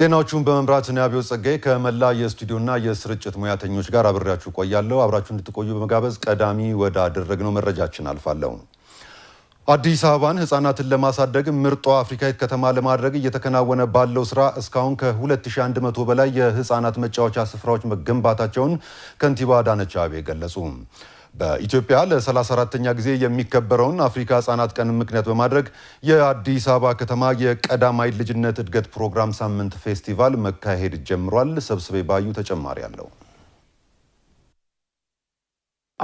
ዜናዎቹን በመምራት ነው አብዮት ጸጋዬ ከመላ የስቱዲዮና የስርጭት ሙያተኞች ጋር አብሬያችሁ ቆያለሁ። አብራችሁ እንድትቆዩ በመጋበዝ ቀዳሚ ወዳደረግነው መረጃችን አልፋለሁ። አዲስ አበባን ህጻናትን ለማሳደግ ምርጧ አፍሪካዊት ከተማ ለማድረግ እየተከናወነ ባለው ስራ እስካሁን ከ2100 በላይ የህጻናት መጫወቻ ስፍራዎች መገንባታቸውን ከንቲባ አዳነች አቤቤ ገለጹ። በኢትዮጵያ ለ34ተኛ ጊዜ የሚከበረውን አፍሪካ ህጻናት ቀን ምክንያት በማድረግ የአዲስ አበባ ከተማ የቀዳማይ ልጅነት እድገት ፕሮግራም ሳምንት ፌስቲቫል መካሄድ ጀምሯል። ሰብስቤ ባዩ ተጨማሪ አለው።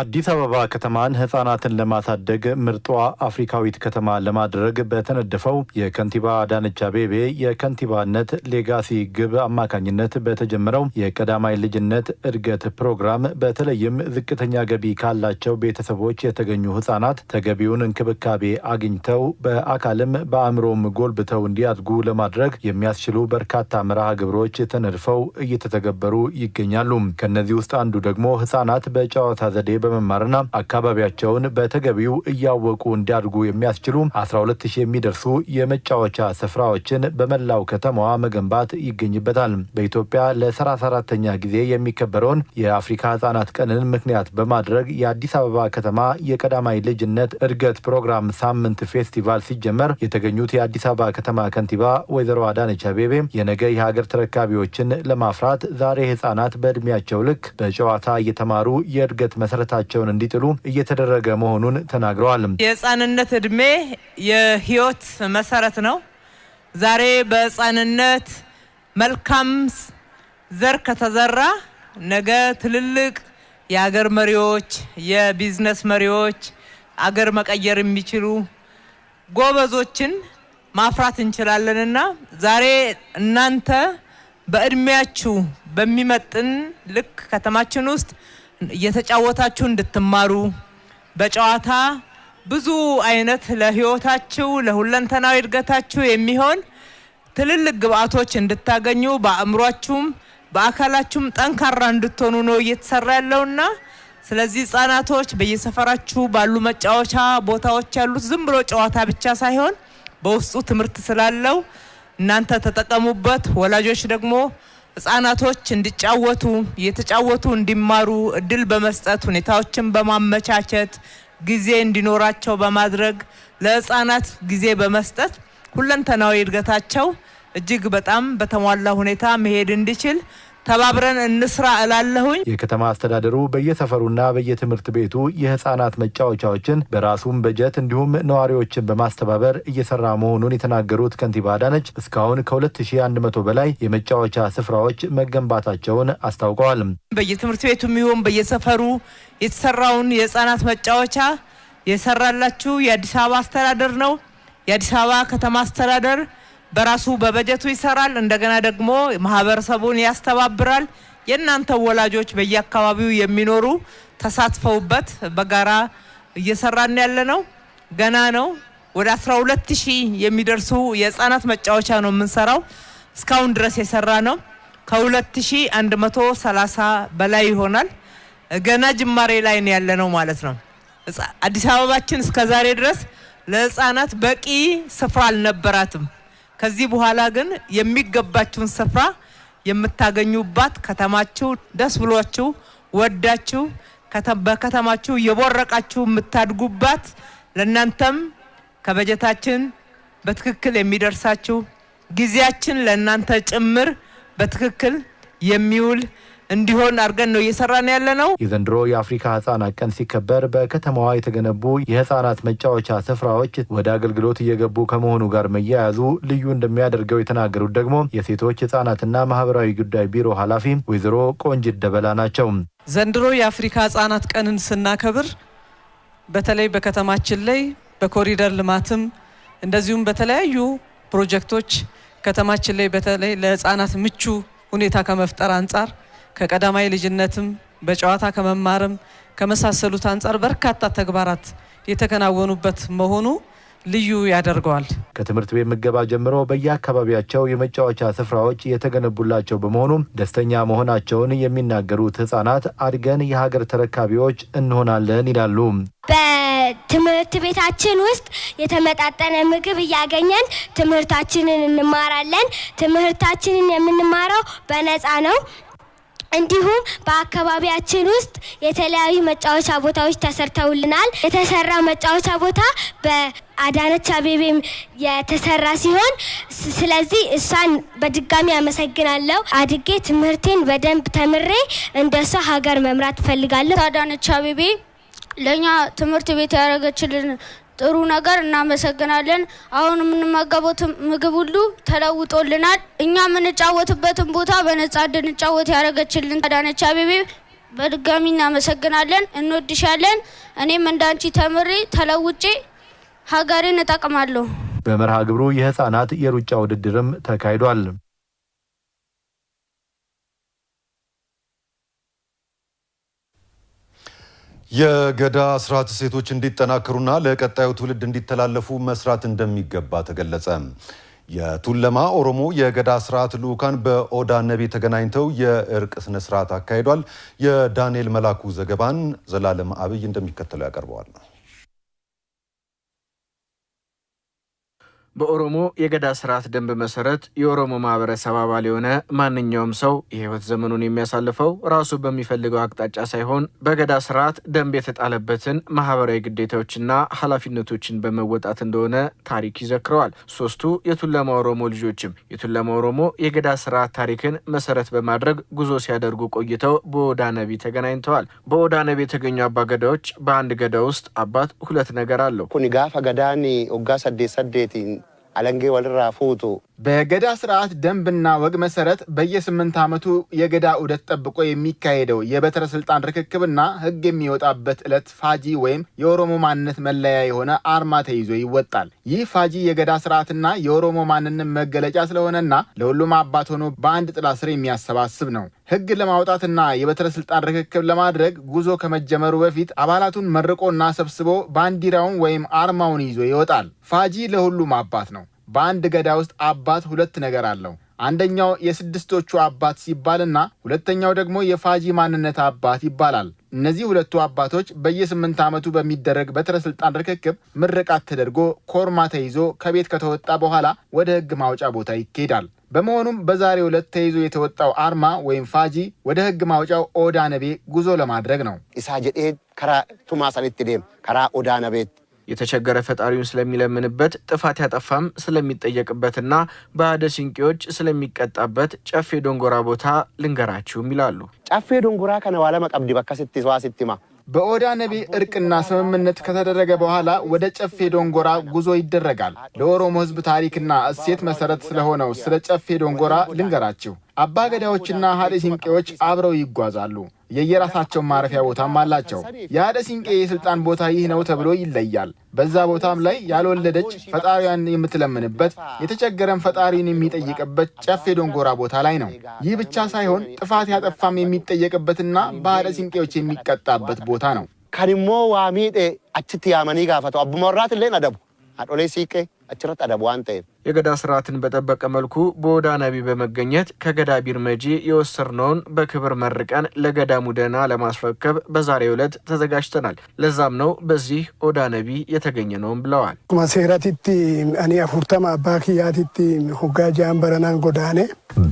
አዲስ አበባ ከተማን ህጻናትን ለማሳደግ ምርጧ አፍሪካዊት ከተማ ለማድረግ በተነደፈው የከንቲባ አዳነች አቤቤ የከንቲባነት ሌጋሲ ግብ አማካኝነት በተጀመረው የቀዳማይ ልጅነት እድገት ፕሮግራም በተለይም ዝቅተኛ ገቢ ካላቸው ቤተሰቦች የተገኙ ህጻናት ተገቢውን እንክብካቤ አግኝተው በአካልም በአእምሮም ጎልብተው እንዲያድጉ ለማድረግ የሚያስችሉ በርካታ መርሃ ግብሮች ተነድፈው እየተተገበሩ ይገኛሉ። ከእነዚህ ውስጥ አንዱ ደግሞ ህጻናት በጨዋታ ዘዴ በመማርና አካባቢያቸውን በተገቢው እያወቁ እንዲያድጉ የሚያስችሉ 120 የሚደርሱ የመጫወቻ ስፍራዎችን በመላው ከተማዋ መገንባት ይገኝበታል። በኢትዮጵያ ለ34ተኛ ጊዜ የሚከበረውን የአፍሪካ ህጻናት ቀንን ምክንያት በማድረግ የአዲስ አበባ ከተማ የቀዳማይ ልጅነት እድገት ፕሮግራም ሳምንት ፌስቲቫል ሲጀመር የተገኙት የአዲስ አበባ ከተማ ከንቲባ ወይዘሮ አዳነች አቤቤ የነገ የሀገር ተረካቢዎችን ለማፍራት ዛሬ ህጻናት በእድሜያቸው ልክ በጨዋታ እየተማሩ የእድገት መሰረተ ህይወታቸውን እንዲጥሉ እየተደረገ መሆኑን ተናግረዋል። የህፃንነት እድሜ የህይወት መሰረት ነው። ዛሬ በህፃንነት መልካም ዘር ከተዘራ ነገ ትልልቅ የአገር መሪዎች፣ የቢዝነስ መሪዎች፣ አገር መቀየር የሚችሉ ጎበዞችን ማፍራት እንችላለንና ዛሬ እናንተ በእድሜያችሁ በሚመጥን ልክ ከተማችን ውስጥ እየተጫወታችሁ እንድትማሩ በጨዋታ ብዙ አይነት ለህይወታችሁ ለሁለንተናዊ እድገታችሁ የሚሆን ትልልቅ ግብአቶች እንድታገኙ በአእምሯችሁም በአካላችሁም ጠንካራ እንድትሆኑ ነው እየተሰራ ያለውና ስለዚህ ህጻናቶች በየሰፈራችሁ ባሉ መጫወቻ ቦታዎች ያሉት ዝም ብሎ ጨዋታ ብቻ ሳይሆን በውስጡ ትምህርት ስላለው እናንተ ተጠቀሙበት። ወላጆች ደግሞ ህጻናቶች እንዲጫወቱ እየተጫወቱ እንዲማሩ እድል በመስጠት ሁኔታዎችን በማመቻቸት ጊዜ እንዲኖራቸው በማድረግ ለህጻናት ጊዜ በመስጠት ሁለንተናዊ እድገታቸው እጅግ በጣም በተሟላ ሁኔታ መሄድ እንዲችል ተባብረን እንስራ እላለሁኝ። የከተማ አስተዳደሩ በየሰፈሩና በየትምህርት ቤቱ የህፃናት መጫወቻዎችን በራሱም በጀት እንዲሁም ነዋሪዎችን በማስተባበር እየሰራ መሆኑን የተናገሩት ከንቲባ አዳነች እስካሁን ከ2100 በላይ የመጫወቻ ስፍራዎች መገንባታቸውን አስታውቀዋል። በየትምህርት ቤቱ የሚሆን በየሰፈሩ የተሰራውን የህፃናት መጫወቻ የሰራላችሁ የአዲስ አበባ አስተዳደር ነው። የአዲስ አበባ ከተማ አስተዳደር በራሱ በበጀቱ ይሰራል። እንደገና ደግሞ ማህበረሰቡን ያስተባብራል። የእናንተ ወላጆች በየአካባቢው የሚኖሩ ተሳትፈውበት በጋራ እየሰራን ያለ ነው። ገና ነው። ወደ 12 ሺህ የሚደርሱ የህፃናት መጫወቻ ነው የምንሰራው። እስካሁን ድረስ የሰራ ነው ከ2130 በላይ ይሆናል። ገና ጅማሬ ላይ ነው ያለ ነው ማለት ነው። አዲስ አበባችን እስከ ዛሬ ድረስ ለህፃናት በቂ ስፍራ አልነበራትም። ከዚህ በኋላ ግን የሚገባችሁን ስፍራ የምታገኙባት ከተማችሁ ደስ ብሏችሁ ወዳችሁ በከተማችሁ የቦረቃችሁ የምታድጉባት ለእናንተም ከበጀታችን በትክክል የሚደርሳችሁ ጊዜያችን ለእናንተ ጭምር በትክክል የሚውል እንዲሆን አድርገን ነው እየሰራን ያለ ነው። የዘንድሮ የአፍሪካ ህጻናት ቀን ሲከበር በከተማዋ የተገነቡ የህጻናት መጫወቻ ስፍራዎች ወደ አገልግሎት እየገቡ ከመሆኑ ጋር መያያዙ ልዩ እንደሚያደርገው የተናገሩት ደግሞ የሴቶች ህጻናትና ማህበራዊ ጉዳይ ቢሮ ኃላፊ ወይዘሮ ቆንጅት ደበላ ናቸው። ዘንድሮ የአፍሪካ ህጻናት ቀንን ስናከብር በተለይ በከተማችን ላይ በኮሪደር ልማትም እንደዚሁም በተለያዩ ፕሮጀክቶች ከተማችን ላይ በተለይ ለህጻናት ምቹ ሁኔታ ከመፍጠር አንጻር ከቀዳማይ ልጅነትም በጨዋታ ከመማርም ከመሳሰሉት አንጻር በርካታ ተግባራት የተከናወኑበት መሆኑ ልዩ ያደርገዋል። ከትምህርት ቤት ምገባ ጀምሮ በየአካባቢያቸው የመጫወቻ ስፍራዎች የተገነቡላቸው በመሆኑ ደስተኛ መሆናቸውን የሚናገሩት ሕጻናት አድገን የሀገር ተረካቢዎች እንሆናለን ይላሉ። በትምህርት ቤታችን ውስጥ የተመጣጠነ ምግብ እያገኘን ትምህርታችንን እንማራለን። ትምህርታችንን የምንማረው በነፃ ነው። እንዲሁም በአካባቢያችን ውስጥ የተለያዩ መጫወቻ ቦታዎች ተሰርተውልናል። የተሰራ መጫወቻ ቦታ በአዳነች አቤቤም የተሰራ ሲሆን ስለዚህ እሷን በድጋሚ አመሰግናለሁ። አድጌ ትምህርቴን በደንብ ተምሬ እንደ እሷ ሀገር መምራት እፈልጋለሁ። አዳነች አቤቤ ለእኛ ትምህርት ቤት ያደረገችልን ጥሩ ነገር እናመሰግናለን። አሁን የምንመገቡት ምግብ ሁሉ ተለውጦልናል። እኛ የምንጫወትበትን ቦታ በነጻ እንድንጫወት ያደረገችልን አዳነች አቤቤ በድጋሚ እናመሰግናለን። እንወድሻለን። እኔም እንዳንቺ ተምሬ ተለውጬ ሀገሬን እጠቅማለሁ። በመርሃ ግብሩ የህፃናት የሩጫ ውድድርም ተካሂዷል። የገዳ ስርዓት ሴቶች እንዲጠናከሩና ለቀጣዩ ትውልድ እንዲተላለፉ መስራት እንደሚገባ ተገለጸ። የቱለማ ኦሮሞ የገዳ ስርዓት ልዑካን በኦዳ ነቢ ተገናኝተው የእርቅ ስነ ስርዓት አካሂዷል። የዳንኤል መላኩ ዘገባን ዘላለም አብይ እንደሚከተለው ያቀርበዋል ነው በኦሮሞ የገዳ ስርዓት ደንብ መሰረት የኦሮሞ ማህበረሰብ አባል የሆነ ማንኛውም ሰው የህይወት ዘመኑን የሚያሳልፈው ራሱ በሚፈልገው አቅጣጫ ሳይሆን በገዳ ስርዓት ደንብ የተጣለበትን ማህበራዊ ግዴታዎችና ኃላፊነቶችን በመወጣት እንደሆነ ታሪክ ይዘክረዋል። ሶስቱ የቱለማ ኦሮሞ ልጆችም የቱለማ ኦሮሞ የገዳ ስርዓት ታሪክን መሰረት በማድረግ ጉዞ ሲያደርጉ ቆይተው በኦዳ ነቢ ተገናኝተዋል። በኦዳ ነቢ የተገኙ ገዳዎች በአንድ ገዳ ውስጥ አባት ሁለት ነገር አለው። ኩኒ ጋፋ ገዳኒ ኦጋ ሰዴ ሰዴት አለንጌ ወልራ ፉቱ በገዳ ስርዓት ደንብና ወግ መሰረት በየስምንት ዓመቱ የገዳ ዑደት ጠብቆ የሚካሄደው የበትረ ስልጣን ርክክብና ህግ የሚወጣበት ዕለት ፋጂ ወይም የኦሮሞ ማንነት መለያ የሆነ አርማ ተይዞ ይወጣል። ይህ ፋጂ የገዳ ስርዓትና የኦሮሞ ማንነት መገለጫ ስለሆነና ለሁሉም አባት ሆኖ በአንድ ጥላ ስር የሚያሰባስብ ነው። ህግ ለማውጣትና የበትረ ስልጣን ርክክብ ለማድረግ ጉዞ ከመጀመሩ በፊት አባላቱን መርቆና ሰብስቦ ባንዲራውን ወይም አርማውን ይዞ ይወጣል። ፋጂ ለሁሉም አባት ነው። በአንድ ገዳ ውስጥ አባት ሁለት ነገር አለው። አንደኛው የስድስቶቹ አባት ሲባልና ሁለተኛው ደግሞ የፋጂ ማንነት አባት ይባላል። እነዚህ ሁለቱ አባቶች በየስምንት ዓመቱ በሚደረግ በትረ ስልጣን ርክክብ ምርቃት ተደርጎ ኮርማ ተይዞ ከቤት ከተወጣ በኋላ ወደ ሕግ ማውጫ ቦታ ይኬዳል። በመሆኑም በዛሬው ዕለት ተይዞ የተወጣው አርማ ወይም ፋጂ ወደ ሕግ ማውጫው ኦዳነቤ ጉዞ ለማድረግ ነው። ኢሳ ከራ ቱማሰን ትዴም ከራ ኦዳነቤት የተቸገረ ፈጣሪውን ስለሚለምንበት ጥፋት ያጠፋም ስለሚጠየቅበትና በአደ ሲንቄዎች ስለሚቀጣበት ጨፌ ዶንጎራ ቦታ ልንገራችሁም ይላሉ። ጨፌ ዶንጎራ ከነዋለመ ቀብዲ ስቲ ሰዋ ስቲማ በኦዳ ነቢ እርቅና ስምምነት ከተደረገ በኋላ ወደ ጨፌ ዶንጎራ ጉዞ ይደረጋል። ለኦሮሞ ሕዝብ ታሪክና እሴት መሰረት ስለሆነው ስለ ጨፌ ዶንጎራ ልንገራችሁ። አባ ገዳዎችና ሀደ ሲንቄዎች አብረው ይጓዛሉ። የየራሳቸውን ማረፊያ ቦታም አላቸው። የሀደ ሲንቄ የስልጣን ቦታ ይህ ነው ተብሎ ይለያል። በዛ ቦታም ላይ ያልወለደች ፈጣሪያን የምትለምንበት፣ የተቸገረን ፈጣሪን የሚጠይቅበት ጨፌ ዶንጎራ ቦታ ላይ ነው። ይህ ብቻ ሳይሆን ጥፋት ያጠፋም የሚጠየቅበትና በሀደ ሲንቄዎች የሚቀጣበት ቦታ ነው። ከሪሞ ዋሚጤ አችት ያመኒ ጋፈተው አቡመራት ሌን አደቡ አዶሌ ሲቄ አችረት አደቡ አንተ የገዳ ስርዓትን በጠበቀ መልኩ በወዳ ነቢ በመገኘት ከገዳ ቢርመጂ የወሰድነውን በክብር መርቀን ለገዳሙ ደህና ለማስረከብ በዛሬው ዕለት ተዘጋጅተናል። ለዛም ነው በዚህ ወዳ ነቢ የተገኘ ነውም ብለዋል። ማሴራቲቲ አኔ አፉርተማ አባክያቲቲ ሁጋጃን በረናን ጎዳኔ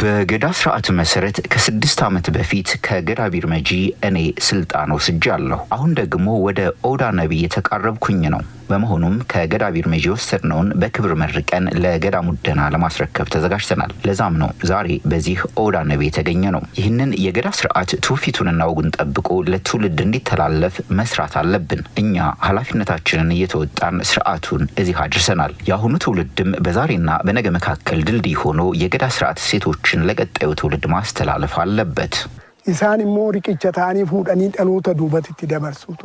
በገዳ ስርዓት መሰረት ከስድስት ዓመት በፊት ከገዳ ቢርመጂ እኔ ስልጣን ወስጃለሁ። አሁን ደግሞ ወደ ኦዳ ነቢ የተቃረብኩኝ ነው። በመሆኑም ከገዳ ቢርመጂ የወሰድነውን በክብር መርቀን ለ ለገዳሙ ሙደና ለማስረከብ ተዘጋጅተናል። ለዛም ነው ዛሬ በዚህ ኦዳ ነቤ የተገኘ ነው። ይህንን የገዳ ስርዓት ትውፊቱንና ወጉን ጠብቆ ለትውልድ እንዲተላለፍ መስራት አለብን። እኛ ኃላፊነታችንን እየተወጣን ስርዓቱን እዚህ አድርሰናል። የአሁኑ ትውልድም በዛሬና በነገ መካከል ድልድይ ሆኖ የገዳ ስርዓት ሴቶችን ለቀጣዩ ትውልድ ማስተላለፍ አለበት። ኢሳን ሞ ፉዳኒ ዳሎተ ደመርሱቱ ደበርሱቱ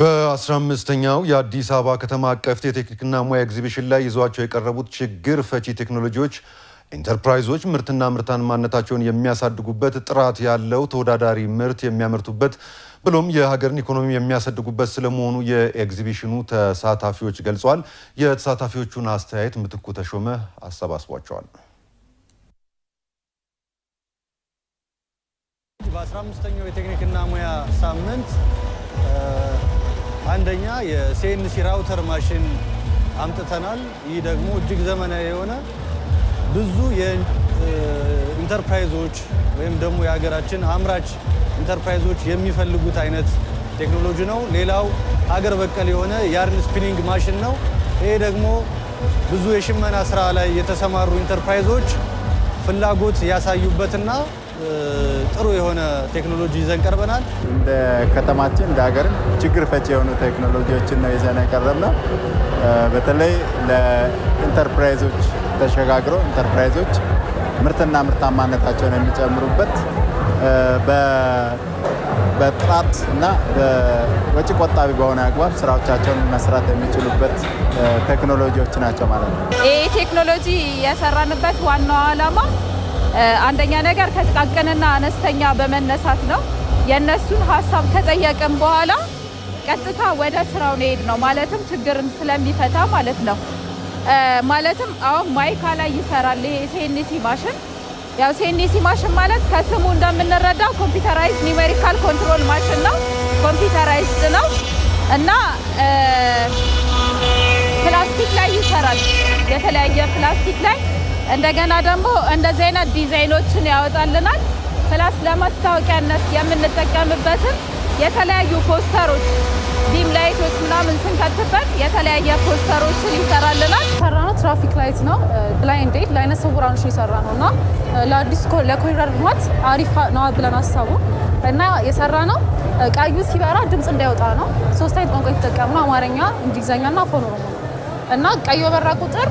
በ15ኛው የአዲስ አበባ ከተማ አቀፍ የቴክኒክና ሙያ ኤግዚቢሽን ላይ ይዟቸው የቀረቡት ችግር ፈቺ ቴክኖሎጂዎች ኢንተርፕራይዞች ምርትና ምርታማነታቸውን የሚያሳድጉበት ጥራት ያለው ተወዳዳሪ ምርት የሚያመርቱበት ብሎም የሀገርን ኢኮኖሚ የሚያሳድጉበት ስለመሆኑ የኤግዚቢሽኑ ተሳታፊዎች ገልጸዋል። የተሳታፊዎቹን አስተያየት ምትኩ ተሾመ አሰባስቧቸዋል። በ15ኛው የቴክኒክና ሙያ ሳምንት አንደኛ የሲኤንሲ ራውተር ማሽን አምጥተናል። ይህ ደግሞ እጅግ ዘመናዊ የሆነ ብዙ የኢንተርፕራይዞች ወይም ደግሞ የሀገራችን አምራች ኢንተርፕራይዞች የሚፈልጉት አይነት ቴክኖሎጂ ነው። ሌላው ሀገር በቀል የሆነ ያርን ስፒኒንግ ማሽን ነው። ይሄ ደግሞ ብዙ የሽመና ስራ ላይ የተሰማሩ ኢንተርፕራይዞች ፍላጎት ያሳዩበትና ጥሩ የሆነ ቴክኖሎጂ ይዘን ቀርበናል። እንደ ከተማችን እንደ ሀገርም ችግር ፈች የሆኑ ቴክኖሎጂዎችን ነው ይዘን የቀረብነው። በተለይ ለኢንተርፕራይዞች ተሸጋግሮ ኢንተርፕራይዞች ምርትና ምርታማነታቸውን የሚጨምሩበት በጥራት እና በወጪ ቆጣቢ በሆነ አግባብ ስራዎቻቸውን መስራት የሚችሉበት ቴክኖሎጂዎች ናቸው ማለት ነው። ይህ ቴክኖሎጂ የሰራንበት ዋናው ዓላማ አንደኛ ነገር ከጥቃቅንና አነስተኛ በመነሳት ነው። የእነሱን ሀሳብ ከጠየቅን በኋላ ቀጥታ ወደ ስራው መሄድ ነው። ማለትም ችግርን ስለሚፈታ ማለት ነው። ማለትም አሁን ማይካ ላይ ይሰራል ይሄ ሴኒሲ ማሽን። ያው ሴኒሲ ማሽን ማለት ከስሙ እንደምንረዳው ኮምፒውተራይዝ ኒውሜሪካል ኮንትሮል ማሽን ነው። ኮምፒውተራይዝ ነው እና ፕላስቲክ ላይ ይሰራል። የተለያየ ፕላስቲክ ላይ እንደገና ደግሞ እንደዚህ አይነት ዲዛይኖችን ያወጣልናል። ፕላስ ለማስታወቂያነት የምንጠቀምበትም የተለያዩ ፖስተሮች፣ ዲም ላይቶች ምናምን ስንከትበት የተለያየ ፖስተሮችን ይሰራልናል። ሰራ ነው ትራፊክ ላይት ነው ብላይንድ ኤድ ለአይነ ስውራኖች የሰራ ነው እና ለአዲስ ለኮሪደር ልማት አሪፍ ነዋ ብለን ሀሳቡ እና የሰራ ነው ቀዩ ሲበራ ድምፅ እንዳይወጣ ነው። ሶስት አይነት ቋንቋ የተጠቀምነው አማርኛ፣ እንግሊዝኛና ፎኖ እና ቀዩ በራ ቁጥር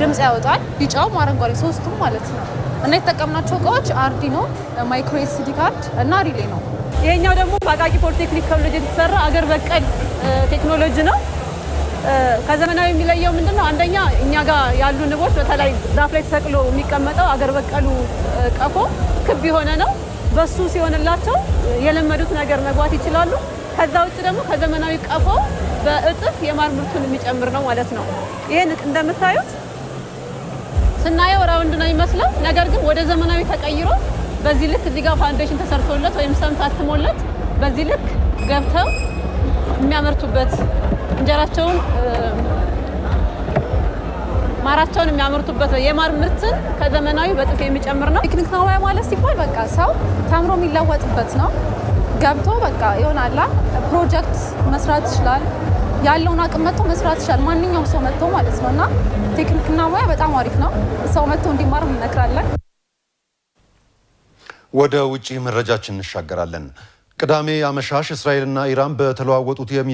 ድምፅ ያወጣል። ቢጫውም አረንጓዴ ሶስቱም ማለት ነው። እና የተጠቀምናቸው እቃዎች አርዲኖ፣ ማይክሮ ኤስዲ ካርድ እና ሪሌ ነው። ይሄኛው ደግሞ በአቃቂ ፖሊቴክኒክ ኮሌጅ የተሰራ አገር በቀል ቴክኖሎጂ ነው። ከዘመናዊ የሚለየው ምንድን ነው? አንደኛ እኛ ጋር ያሉ ንቦች በተለይ ዛፍ ላይ ተሰቅሎ የሚቀመጠው አገር በቀሉ ቀፎ ክብ የሆነ ነው። በሱ ሲሆንላቸው የለመዱት ነገር መግባት ይችላሉ። ከዛ ውጭ ደግሞ ከዘመናዊ ቀፎ በእጥፍ የማር ምርቱን የሚጨምር ነው ማለት ነው። ይህን እንደምታዩት ስናየው ራውንድ ነው ይመስላል ነገር ግን ወደ ዘመናዊ ተቀይሮ በዚህ ልክ እዚህ ጋር ፋውንዴሽን ተሰርቶለት ወይም ሰም ታትሞለት በዚህ ልክ ገብተው የሚያመርቱበት እንጀራቸውን ማራቸውን የሚያመርቱበት የማር ምርትን ከዘመናዊ በጥፍ የሚጨምር ነው። ፒክኒክ ማዋያ ማለት ሲባል በቃ ሰው ተምሮ የሚለወጥበት ነው። ገብቶ በቃ ይሆናላ ፕሮጀክት መስራት ይችላል። ያለውን አቅም መጥቶ መስራት ይችላል፣ ማንኛውም ሰው መጥቶ ማለት ነው። እና ቴክኒክና ሙያ በጣም አሪፍ ነው፣ ሰው መጥቶ እንዲማር እንመክራለን። ወደ ውጭ መረጃችን እንሻገራለን። ቅዳሜ አመሻሽ እስራኤልና ኢራን በተለዋወጡት የሚ